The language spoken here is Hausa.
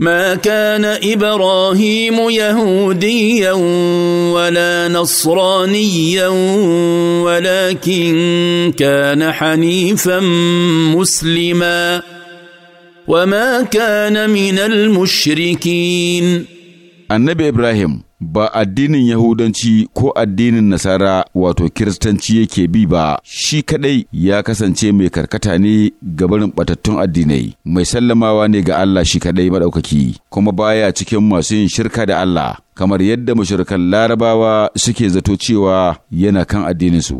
ما كان ابراهيم يهوديا ولا نصرانيا ولكن كان حنيفا مسلما وما كان من المشركين Annabi Ibrahim ba addinin Yahudanci ko addinin Nasara wato Kiristanci yake bi ba, shi kaɗai ya kasance mai karkata ne ga barin batattun addinai, mai sallamawa ne ga Allah shi kaɗai maɗaukaki, kuma baya cikin masu yin shirka da Allah, kamar yadda mashirkan larabawa suke zato cewa yana kan addininsu.